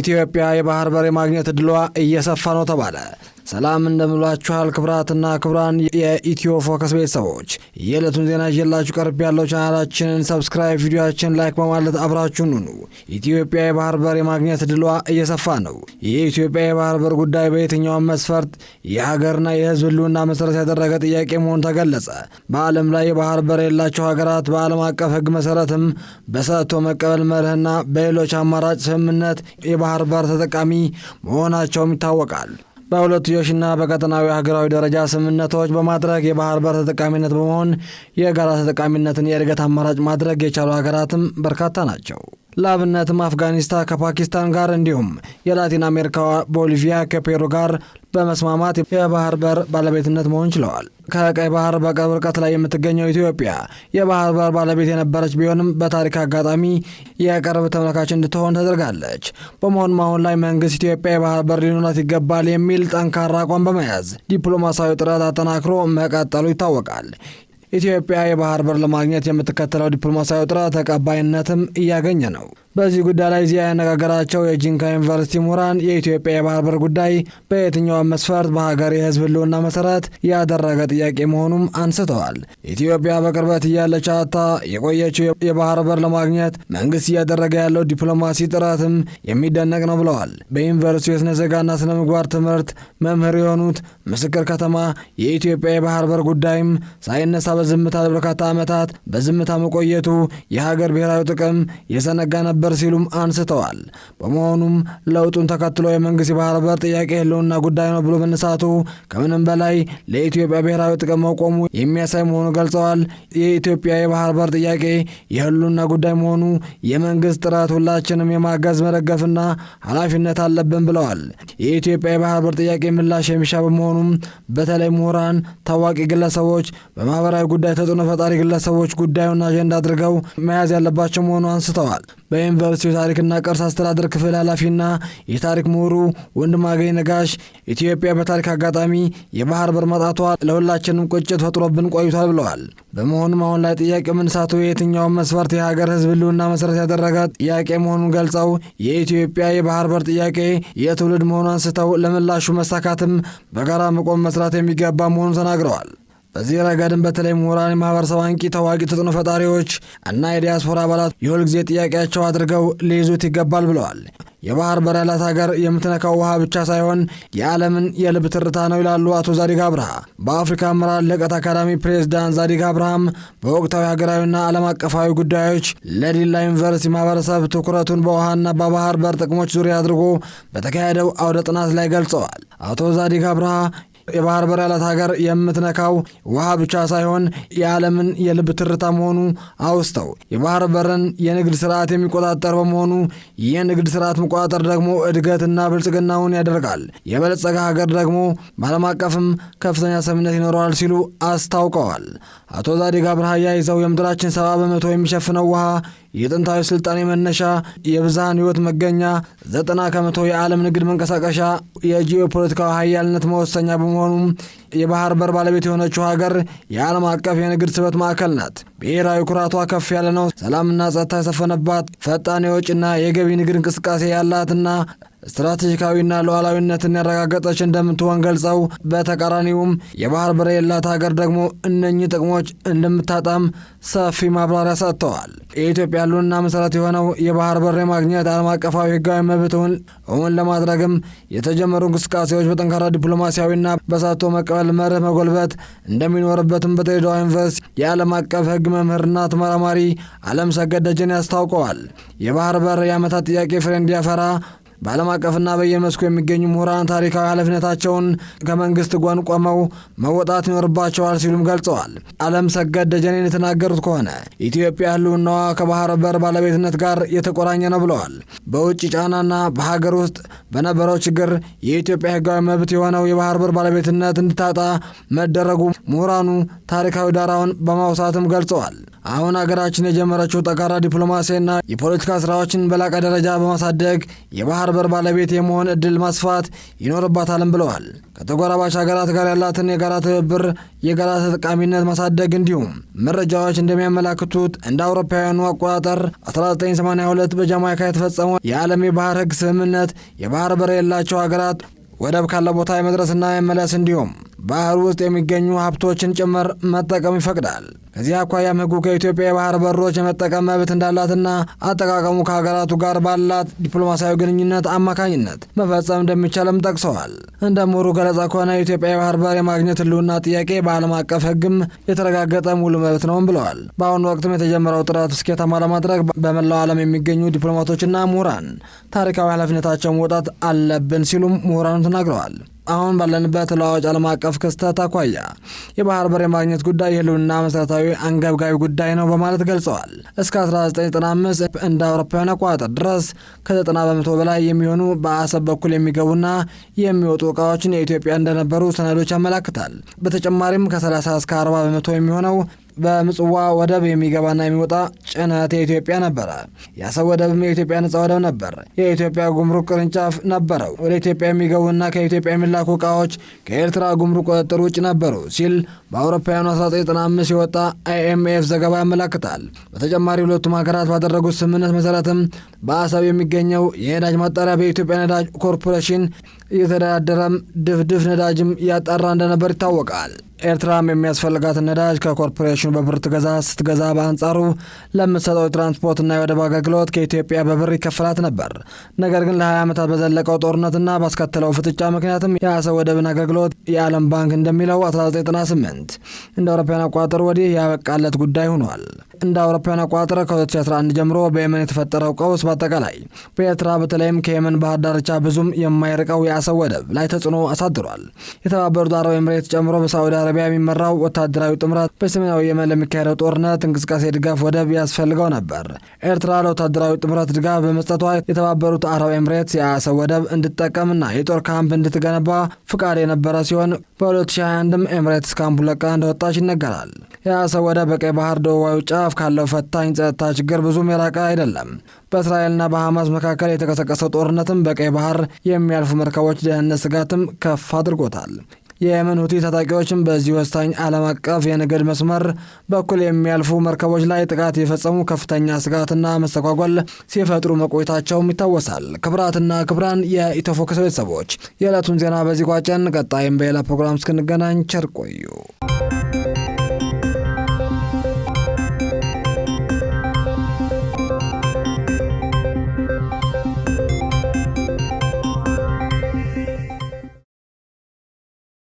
ኢትዮጵያ የባህር በር የማግኘት ድሏ እየሰፋ ነው ተባለ። ሰላም እንደምሏችኋል ክብራትና ክብራን የኢትዮ ፎከስ ቤተሰቦች የዕለቱን ዜና ይዤላችሁ ቀርብ ያለው ቻናላችንን ሰብስክራይብ፣ ቪዲዮችን ላይክ በማለት አብራችሁን ኑ። ኢትዮጵያ የባህር በር የማግኘት ድሏ እየሰፋ ነው። የኢትዮጵያ የባህር በር ጉዳይ በየትኛውም መስፈርት የሀገርና የሕዝብ ህልውና መሰረት ያደረገ ጥያቄ መሆኑ ተገለጸ። በዓለም ላይ የባህር በር የሌላቸው ሀገራት በዓለም አቀፍ ህግ መሰረትም በሰጥቶ መቀበል መርህና በሌሎች አማራጭ ስምምነት የባህር በር ተጠቃሚ መሆናቸውም ይታወቃል። በሁለትዮሽና በቀጠናዊ ሀገራዊ ደረጃ ስምምነቶች በማድረግ የባህር በር ተጠቃሚነት በመሆን የጋራ ተጠቃሚነትን የእድገት አማራጭ ማድረግ የቻሉ ሀገራትም በርካታ ናቸው። ለአብነትም አፍጋኒስታን ከፓኪስታን ጋር እንዲሁም የላቲን አሜሪካ ቦሊቪያ ከፔሩ ጋር በመስማማት የባህር በር ባለቤትነት መሆን ችለዋል። ከቀይ ባህር በቅርብ ርቀት ላይ የምትገኘው ኢትዮጵያ የባህር በር ባለቤት የነበረች ቢሆንም በታሪክ አጋጣሚ የቅርብ ተመልካች እንድትሆን ተደርጋለች። በመሆኑም አሁን ላይ መንግስት ኢትዮጵያ የባህር በር ሊኖራት ይገባል የሚል ጠንካራ አቋም በመያዝ ዲፕሎማሲያዊ ጥረት አጠናክሮ መቀጠሉ ይታወቃል። ኢትዮጵያ የባህር በር ለማግኘት የምትከተለው ዲፕሎማሲያዊ ጥረት ተቀባይነትም እያገኘ ነው። በዚህ ጉዳይ ላይ ዚያ ያነጋገራቸው የጂንካ ዩኒቨርሲቲ ምሁራን የኢትዮጵያ የባህር በር ጉዳይ በየትኛውም መስፈርት በሀገር የህዝብ ህልውና መሰረት ያደረገ ጥያቄ መሆኑም አንስተዋል። ኢትዮጵያ በቅርበት እያለች አታ የቆየችው የባህር በር ለማግኘት መንግስት እያደረገ ያለው ዲፕሎማሲ ጥረትም የሚደነቅ ነው ብለዋል። በዩኒቨርሲቲ የስነ ዜጋና ስነ ምግባር ትምህርት መምህር የሆኑት ምስክር ከተማ የኢትዮጵያ የባህር በር ጉዳይም ሳይነሳ በዝምታ ለበርካታ ዓመታት በዝምታ መቆየቱ የሀገር ብሔራዊ ጥቅም የዘነጋ ነበር ነበር ሲሉም አንስተዋል። በመሆኑም ለውጡን ተከትሎ የመንግስት የባህር በር ጥያቄ ህልውና ጉዳይ ነው ብሎ መነሳቱ ከምንም በላይ ለኢትዮጵያ ብሔራዊ ጥቅም መቆሙ የሚያሳይ መሆኑ ገልጸዋል። የኢትዮጵያ የባህር በር ጥያቄ የህልውና ጉዳይ መሆኑ የመንግስት ጥረት ሁላችንም የማገዝ መደገፍና ኃላፊነት አለብን ብለዋል። የኢትዮጵያ የባህር በር ጥያቄ ምላሽ የሚሻ በመሆኑም በተለይ ምሁራን፣ ታዋቂ ግለሰቦች፣ በማህበራዊ ጉዳይ ተጽዕኖ ፈጣሪ ግለሰቦች ጉዳዩን አጀንዳ አድርገው መያዝ ያለባቸው መሆኑ አንስተዋል። በዩኒቨርሲቲው ታሪክና ቅርስ አስተዳደር ክፍል ኃላፊና የታሪክ ምሁሩ ወንድማገኝ ነጋሽ ኢትዮጵያ በታሪክ አጋጣሚ የባህር በር ማጣቷ ለሁላችንም ቁጭት ፈጥሮብን ቆይቷል ብለዋል። በመሆኑም አሁን ላይ ጥያቄ ምንሳቱ የትኛውን መስፈርት የሀገር ህዝብ ልውና መሰረት ያደረገ ጥያቄ መሆኑን ገልጸው የኢትዮጵያ የባህር በር ጥያቄ የትውልድ መሆኑን አንስተው ለምላሹ መሳካትም በጋራ መቆም መስራት የሚገባ መሆኑን ተናግረዋል። በዚህ ረገድም በተለይ ምሁራን፣ የማህበረሰብ አንቂ፣ ታዋቂ ተጽዕኖ ፈጣሪዎች እና የዲያስፖራ አባላት የሁል ጊዜ ጥያቄያቸው አድርገው ሊይዙት ይገባል ብለዋል። የባህር በር ያላት ሀገር የምትነካው ውሃ ብቻ ሳይሆን የዓለምን የልብ ትርታ ነው ይላሉ አቶ ዛዲግ አብርሃ። በአፍሪካ አመራር ልህቀት አካዳሚ ፕሬዝዳንት ዛዲግ አብርሃም በወቅታዊ ሀገራዊና ዓለም አቀፋዊ ጉዳዮች ለዲላ ዩኒቨርሲቲ ማህበረሰብ ትኩረቱን በውሃና በባህር በር ጥቅሞች ዙሪያ አድርጎ በተካሄደው አውደ ጥናት ላይ ገልጸዋል። አቶ ዛዲግ አብርሃ የባህር በር ያላት ሀገር የምትነካው ውሃ ብቻ ሳይሆን የዓለምን የልብ ትርታ መሆኑ አውስተው የባህር በርን የንግድ ስርዓት የሚቆጣጠር በመሆኑ የንግድ ስርዓት መቆጣጠር ደግሞ እድገትና ብልጽግናውን ያደርጋል። የበለጸገ ሀገር ደግሞ በዓለም አቀፍም ከፍተኛ ሰሚነት ይኖረዋል ሲሉ አስታውቀዋል። አቶ ዛዲግ አብርሃ ይዘው የምድራችን ሰባ በመቶ የሚሸፍነው ውሃ የጥንታዊ ስልጣኔ መነሻ፣ የብዝሃን ህይወት መገኛ፣ ዘጠና ከመቶ የዓለም ንግድ መንቀሳቀሻ፣ የጂኦፖለቲካዊ ሀያልነት መወሰኛ በመሆኑም የባህር በር ባለቤት የሆነችው ሀገር የዓለም አቀፍ የንግድ ስበት ማዕከል ናት። ብሔራዊ ኩራቷ ከፍ ያለ ነው። ሰላምና ጸጥታ የሰፈነባት፣ ፈጣን የወጪና የገቢ ንግድ እንቅስቃሴ ያላትና ስትራቴጂካዊና ሉዓላዊነትን ያረጋገጠች እንደምትሆን ገልጸው በተቃራኒውም የባህር በር የሌላት ሀገር ደግሞ እነኚህ ጥቅሞች እንደምታጣም ሰፊ ማብራሪያ ሰጥተዋል። የኢትዮጵያ ሕልውና መሠረት የሆነው የባህር በር የማግኘት ዓለም አቀፋዊ ሕጋዊ መብትውን እውን ለማድረግም የተጀመሩ እንቅስቃሴዎች በጠንካራ ዲፕሎማሲያዊና በሰጥቶ መቀበል መርህ መጎልበት እንደሚኖርበትም በድሬዳዋ ዩኒቨርሲቲ የዓለም አቀፍ ሕግ መምህርና ተመራማሪ አለም ሰገደጅን ያስታውቀዋል። የባህር በር የዓመታት ጥያቄ ፍሬ እንዲያፈራ በዓለም አቀፍና በየመስኩ የሚገኙ ምሁራን ታሪካዊ ኃላፊነታቸውን ከመንግስት ጎን ቆመው መወጣት ይኖርባቸዋል ሲሉም ገልጸዋል። ዓለም ሰገድ ደጀኔን የተናገሩት ከሆነ ኢትዮጵያ ህልውናዋ ከባህር በር ባለቤትነት ጋር የተቆራኘ ነው ብለዋል። በውጭ ጫናና በሀገር ውስጥ በነበረው ችግር የኢትዮጵያ ህጋዊ መብት የሆነው የባህር በር ባለቤትነት እንድታጣ መደረጉ ምሁራኑ ታሪካዊ ዳራውን በማውሳትም ገልጸዋል። አሁን ሀገራችን የጀመረችው ጠንካራ ዲፕሎማሲያና የፖለቲካ ስራዎችን በላቀ ደረጃ በማሳደግ የባህር በር ባለቤት የመሆን እድል ማስፋት ይኖርባታልም ብለዋል። ከተጎራባች ሀገራት ጋር ያላትን የጋራ ትብብር፣ የጋራ ተጠቃሚነት ማሳደግ እንዲሁም መረጃዎች እንደሚያመላክቱት እንደ አውሮፓውያኑ አቆጣጠር 1982 በጃማይካ የተፈጸመው የዓለም የባህር ህግ ስምምነት የባህር በር የሌላቸው ሀገራት ወደብ ካለ ቦታ የመድረስና የመለስ እንዲሁም ባህር ውስጥ የሚገኙ ሀብቶችን ጭምር መጠቀም ይፈቅዳል። ከዚህ አኳያም ሕጉ ከኢትዮጵያ የባህር በሮች የመጠቀም መብት እንዳላትና አጠቃቀሙ ከሀገራቱ ጋር ባላት ዲፕሎማሲያዊ ግንኙነት አማካኝነት መፈጸም እንደሚቻልም ጠቅሰዋል። እንደ ምሁሩ ገለጻ ከሆነ የኢትዮጵያ የባህር በር የማግኘት ህልውና ጥያቄ በዓለም አቀፍ ህግም የተረጋገጠ ሙሉ መብት ነውም ብለዋል። በአሁኑ ወቅትም የተጀመረው ጥረት ስኬታማ ለማድረግ በመላው ዓለም የሚገኙ ዲፕሎማቶችና ምሁራን ታሪካዊ ኃላፊነታቸው መውጣት አለብን ሲሉም ምሁራኑ ተናግረዋል። አሁን ባለንበት ተለዋዋጭ ዓለም አቀፍ ክስተት አኳያ የባህር በር የማግኘት ጉዳይ የህልውና መሰረታዊ አንገብጋቢ ጉዳይ ነው በማለት ገልጸዋል። እስከ 1995 እንደ አውሮፓውያን አቆጣጠር ድረስ ከ90 በመቶ በላይ የሚሆኑ በአሰብ በኩል የሚገቡና የሚወጡ ዕቃዎችን የኢትዮጵያ እንደነበሩ ሰነዶች ያመላክታል። በተጨማሪም ከ30 እስከ 40 በመቶ የሚሆነው በምጽዋ ወደብ የሚገባና የሚወጣ ጭነት የኢትዮጵያ ነበረ። የአሰብ ወደብም የኢትዮጵያ ነጻ ወደብ ነበር። የኢትዮጵያ ጉምሩክ ቅርንጫፍ ነበረው። ወደ ኢትዮጵያ የሚገቡና ከኢትዮጵያ የሚላኩ እቃዎች ከኤርትራ ጉምሩክ ቁጥጥር ውጭ ነበሩ ሲል በአውሮፓውያኑ 1995 የወጣ አይኤምኤፍ ዘገባ ያመላክታል። በተጨማሪ ሁለቱም ሀገራት ባደረጉት ስምምነት መሰረትም በአሰብ የሚገኘው የነዳጅ ማጣሪያ በኢትዮጵያ ነዳጅ ኮርፖሬሽን እየተደራደረም ድፍድፍ ነዳጅም እያጣራ እንደነበር ይታወቃል። ኤርትራም የሚያስፈልጋትን ነዳጅ ከኮርፖሬሽኑ በብር ትገዛ ስትገዛ፣ በአንጻሩ ለምትሰጠው የትራንስፖርትና የወደብ አገልግሎት ከኢትዮጵያ በብር ይከፈላት ነበር። ነገር ግን ለ20 ዓመታት በዘለቀው ጦርነትና ባስከተለው ፍጥጫ ምክንያትም የአሰብ ወደብን አገልግሎት የዓለም ባንክ እንደሚለው 1998 እንደ አውሮፓውያን አቆጣጠር ወዲህ ያበቃለት ጉዳይ ሆኗል። እንደ አውሮፓውያን አቆጣጠር ከ2011 ጀምሮ በየመን የተፈጠረው ቀውስ በአጠቃላይ በኤርትራ በተለይም ከየመን ባህር ዳርቻ ብዙም የማይርቀው የአሰብ ወደብ ላይ ተጽዕኖ አሳድሯል። የተባበሩት አረብ ኤምሬት ጨምሮ በሳዑዲ አረቢያ ሻዕቢያ የሚመራው ወታደራዊ ጥምረት በሰሜናዊ የመን ለሚካሄደው ጦርነት እንቅስቃሴ ድጋፍ ወደብ ያስፈልገው ነበር። ኤርትራ ለወታደራዊ ጥምረት ድጋፍ በመስጠቷ የተባበሩት አረብ ኤምሬትስ የአሰብ ወደብ እንድጠቀምና የጦር ካምፕ እንድትገነባ ፍቃድ የነበረ ሲሆን በ2021 ኤምሬትስ ካምፑ ለቃ እንደወጣች ይነገራል። የአሰብ ወደብ በቀይ ባህር ደቡባዊ ጫፍ ካለው ፈታኝ ጸጥታ ችግር ብዙም የራቀ አይደለም። በእስራኤልና በሐማስ መካከል የተቀሰቀሰው ጦርነትም በቀይ ባህር የሚያልፉ መርከቦች ደህንነት ስጋትም ከፍ አድርጎታል። የየመን ሁቲ ታጣቂዎችን በዚህ ወሳኝ ዓለም አቀፍ የንግድ መስመር በኩል የሚያልፉ መርከቦች ላይ ጥቃት የፈጸሙ ከፍተኛ ስጋትና መስተጓጎል ሲፈጥሩ መቆየታቸውም ይታወሳል። ክብራትና ክብራን የኢትዮፎክስ ቤተሰቦች የዕለቱን ዜና በዚህ ቋጨን። ቀጣይም በሌላ ፕሮግራም እስክንገናኝ ቸር ቆዩ።